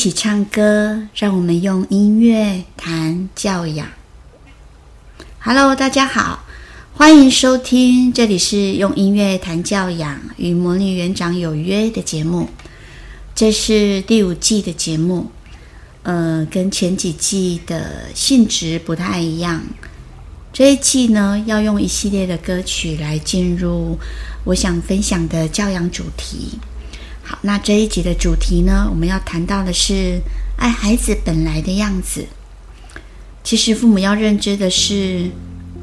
一起唱歌，讓我們用音樂談教養。Hello，大家好，歡迎收聽，這裡是用音樂談教養與魔女園長有約的節目。這是第五季的節目，呃，跟前幾季的性質不太一樣。這一季呢，要用一系列的歌曲來進入我想分享的教養主題。好，那這一集的主題呢，我們要談到的是愛孩子本來的樣子。其實父母要認知的是，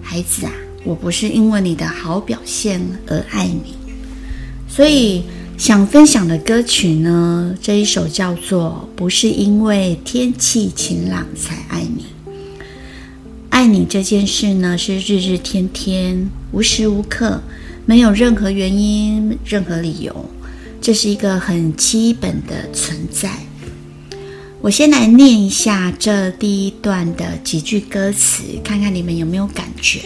孩子啊，我不是因為你的好表現而愛你。所以想分享的歌曲呢，這一首叫做《不是因為天氣晴朗才愛你》，愛你這件事呢，是日日天天、無時無刻，沒有任何原因、任何理由。這是一個很基本的存在。我先來念一下這第一段的幾句歌詞，看看你們有沒有感覺？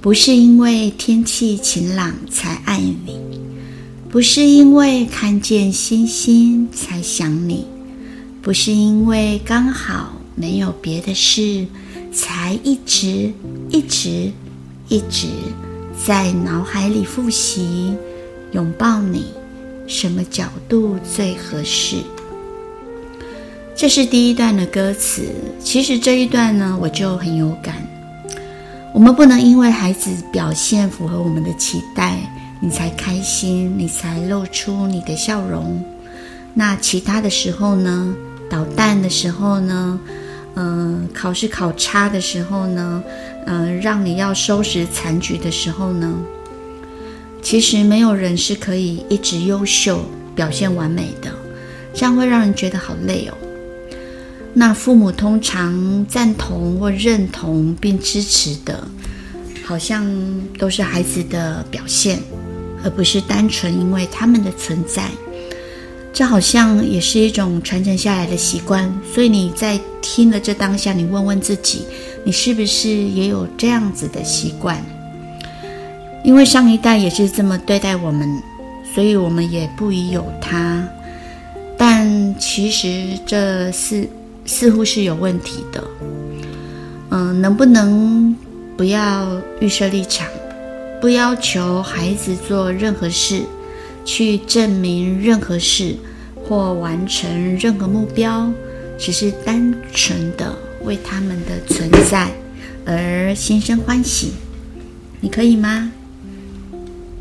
不是因為天氣晴朗才愛你，不是因為看見星星才想你，不是因為剛好沒有別的事，才一直一直一直在腦海裡複習。擁抱你，什麼角度最合適？這是第一段的歌詞。其實這一段呢，我就很有感。我們不能因為孩子表現符合我們的期待，你才開心，你才露出你的笑容。那其他的時候呢？搗蛋的時候呢？嗯、呃，考試考差的時候呢？嗯、呃，讓你要收拾殘局的時候呢？其實沒有人是可以一直優秀、表現完美的，這樣會讓人覺得好累哦。那父母通常贊同或認同並支持的，好像都是孩子的表現，而不是單純因為他們的存在。這好像也是一種傳承下來的習慣。所以你在聽了這當下，你問問自己，你是不是也有這樣子的習慣？因為上一代也是這麼對待我們，所以我們也不疑有他。但其實這是似乎是有問題的。嗯、呃，能不能不要預設立場，不要求孩子做任何事，去證明任何事或完成任何目標，只是單純的為他們的存在而心生歡喜？你可以嗎？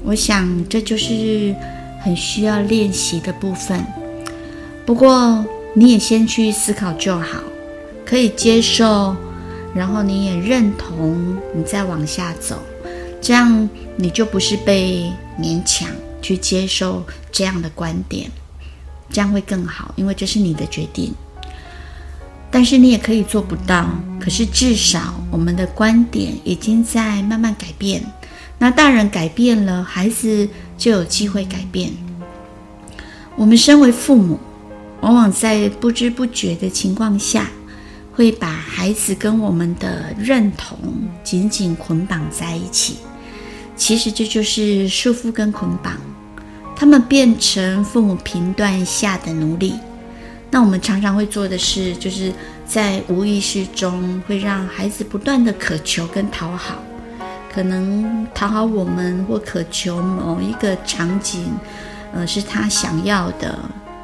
我想，這就是很需要練習的部分。不過，你也先去思考就好，可以接受，然後你也認同，你再往下走，這樣你就不是被勉強去接受這樣的觀點，這樣會更好，因為這是你的決定。但是你也可以做不到，可是至少我們的觀點已經在慢慢改變。那大人改變了，孩子就有機會改變。我們身為父母，往往在不知不覺的情況下，會把孩子跟我們的認同緊緊捆綁在一起。其實這就是束縛跟捆綁，他們變成父母評斷下的奴隸。那我們常常會做的事，就是在無意識中會讓孩子不斷地渴求跟討好。可能討好我們，或渴求某一個場景，呃，是他想要的，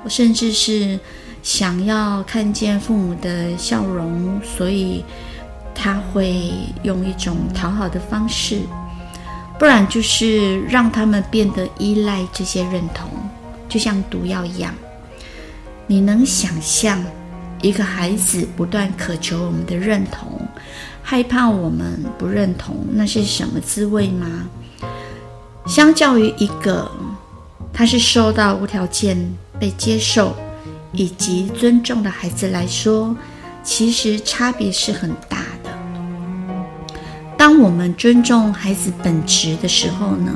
甚至是想要看見父母的笑容，所以他會用一種討好的方式，不然就是讓他們變得依賴這些認同，就像毒藥一樣。你能想象一個孩子不斷渴求我們的認同，害怕我們不認同，那是什麼滋味嗎？相較於一個他是受到無條件被接受以及尊重的孩子來說，其實差別是很大的。當我們尊重孩子本質的時候呢，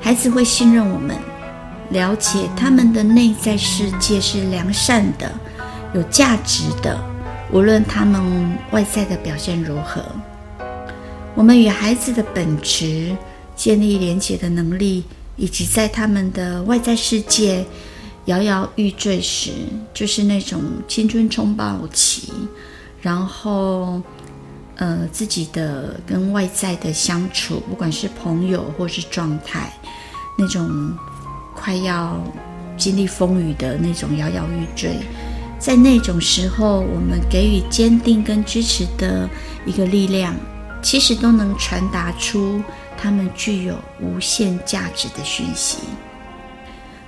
孩子會信任我們，了解他們的內在世界是良善的、有價值的。無論他們外在的表現如何，我們與孩子的本質建立連結的能力，以及在他們的外在世界搖搖欲墜時，就是那種青春衝爆期，然後呃，自己的跟外在的相處，不管是朋友或是狀態，那種快要經歷風雨的那種搖搖欲墜。在那種時候，我們給予堅定跟支持的一個力量，其實都能傳達出他們具有無限價值的訊息。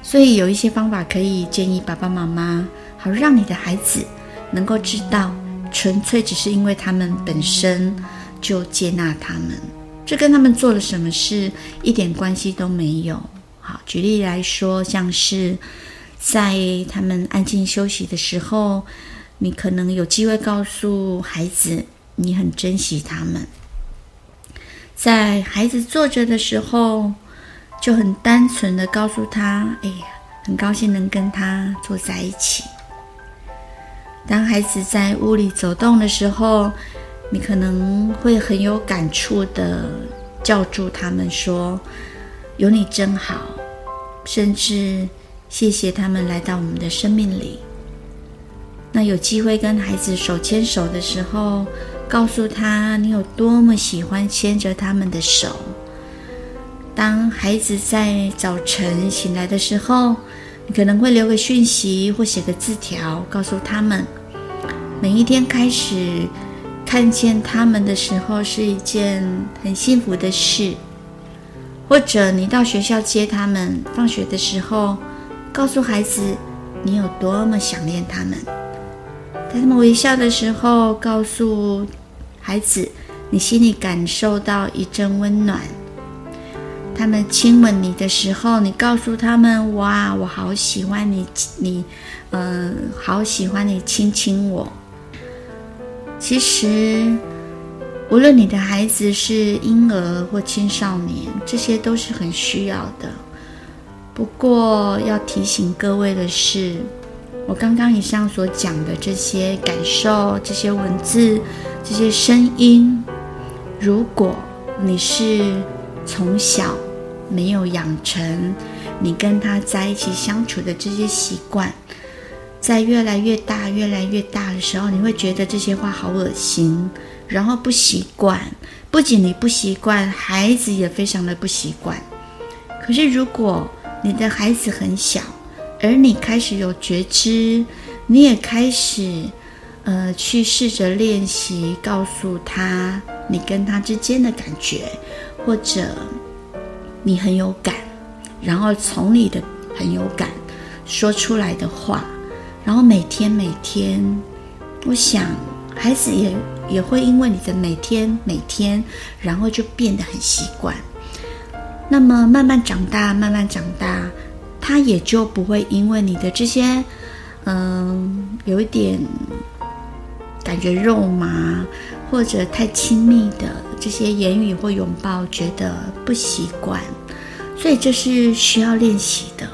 所以有一些方法可以建議爸爸媽媽，好讓你的孩子能夠知道，純粹只是因為他們本身就接納他們，這跟他們做了什麼事一點關係都沒有。好，舉例來說，像是。在他們安靜休息的時候，你可能有機會告訴孩子，你很珍惜他們。在孩子坐着的時候，就很單純的告訴他：“哎呀，很高興能跟他坐在一起。”當孩子在屋裡走動的時候，你可能會很有感觸的叫住他們說：“有你真好。”甚至。謝謝他們來到我們的生命裡。那有機會跟孩子手牽手的時候，告訴他你有多麼喜歡牽着他們的手。當孩子在早晨醒來的時候，你可能會留個訊息或寫個字條，告訴他們每一天開始看見他們的時候是一件很幸福的事。或者你到學校接他們放學的時候。告訴孩子，你有多麼想念他們。在他們微笑的時候，告訴孩子，你心裡感受到一陣溫暖。他們親吻你的時候，你告訴他們，哇，我好喜歡你，你，嗯、呃，好喜歡你親親我。其實，無論你的孩子是嬰兒或青少年，這些都是很需要的。不過要提醒各位的是，我剛剛以上所講的這些感受、這些文字、這些聲音，如果你是從小沒有養成你跟他在一起相處的這些習慣，在越來越大、越來越大的時候，你會覺得這些話好惡心，然後不習慣。不僅你不習慣，孩子也非常的不習慣。可是如果，你的孩子很小，而你開始有覺知，你也開始，呃，去試着練習告訴他你跟他之間的感覺，或者你很有感，然後從你的很有感說出來的話，然後每天每天，我想孩子也也會因為你的每天每天，然後就變得很習慣，那麼慢慢長大，慢慢長大。他也就不會因為你的這些，嗯，有一點感覺肉麻或者太親密的這些言語或擁抱，覺得不習慣。所以這是需要練習的。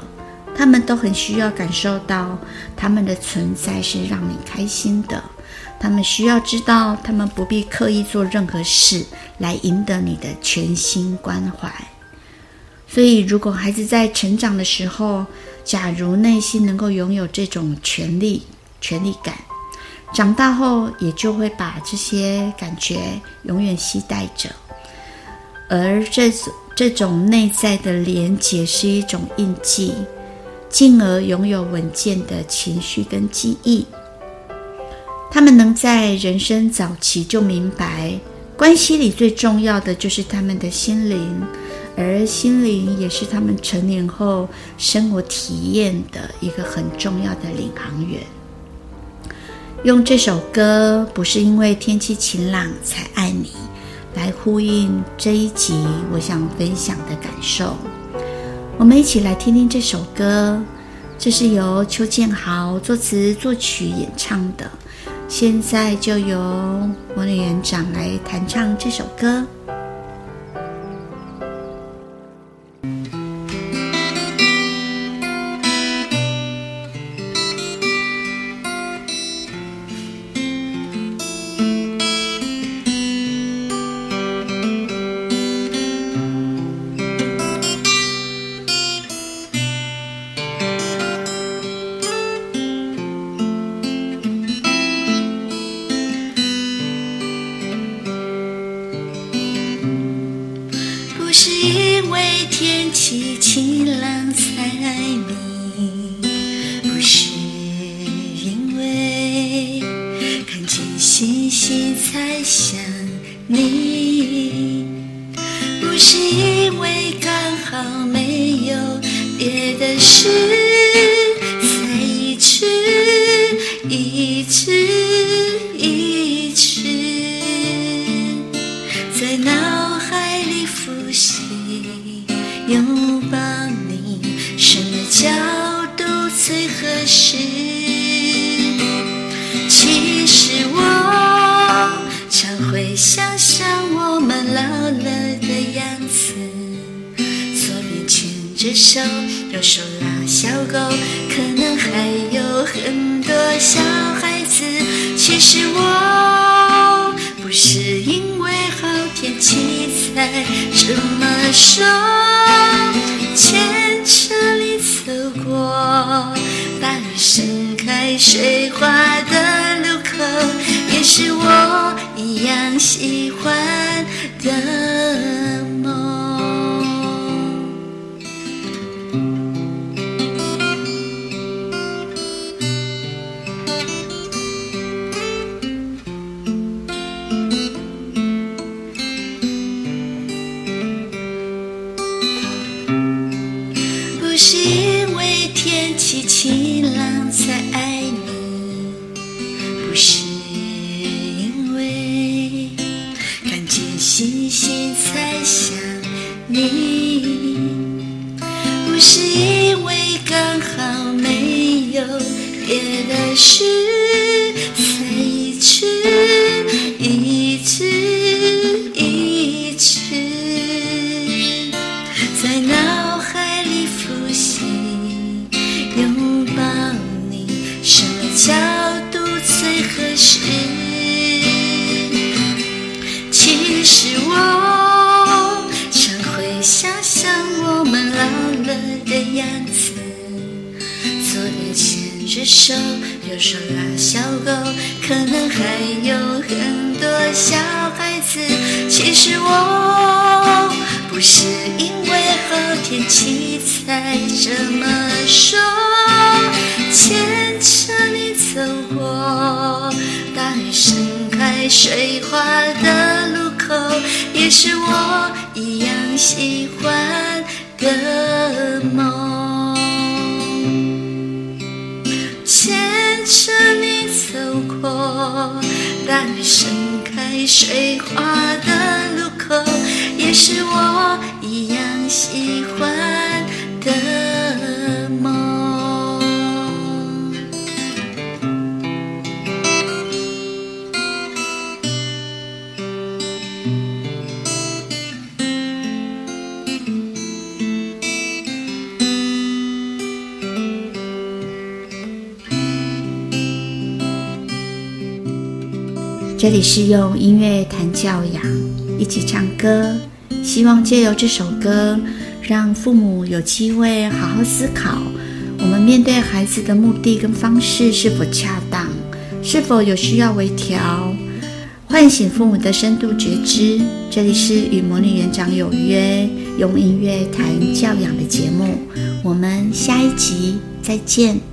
他們都很需要感受到他們的存在是讓你開心的。他們需要知道，他們不必刻意做任何事來贏得你的全心關懷。所以，如果孩子在成長的時候，假如內心能夠擁有這種權利、權利感，長大後也就會把這些感覺永遠攜帶着。而這這種內在的聯結是一種印記，進而擁有穩健的情緒跟記憶。他們能在人生早期就明白，關係裡最重要的就是他們的心靈。而心靈也是他們成年後生活體驗的一個很重要的領航員。用這首歌《不是因為天氣晴朗才愛你》來呼應這一集我想分享的感受，我們一起來聽聽這首歌。這是由邱建豪作詞作曲演唱的，現在就由我的園長來彈唱這首歌。別的事。着手，右手拉小狗，可能還有很多小孩子。其實我不是因為好天氣才這麼說。牽着你走過大雨盛開水花的路口，也是我一樣喜歡的。你不是因為剛好沒有別的事，才 一直、一直、 一直 在腦海裡複習。好天氣才這麼說，牽着你走過，大雨盛開水花的路口，也是我一樣喜歡的夢。牽着你走過，大雨盛開水花的。這裡是用音樂談教養，一起唱歌，希望借由這首歌，讓父母有機會好好思考，我們面對孩子的目的跟方式是否恰當，是否有需要微調，喚醒父母的深度覺知，知。這裡是與魔女園長有約，用音樂談教養的節目，我們下一集再見。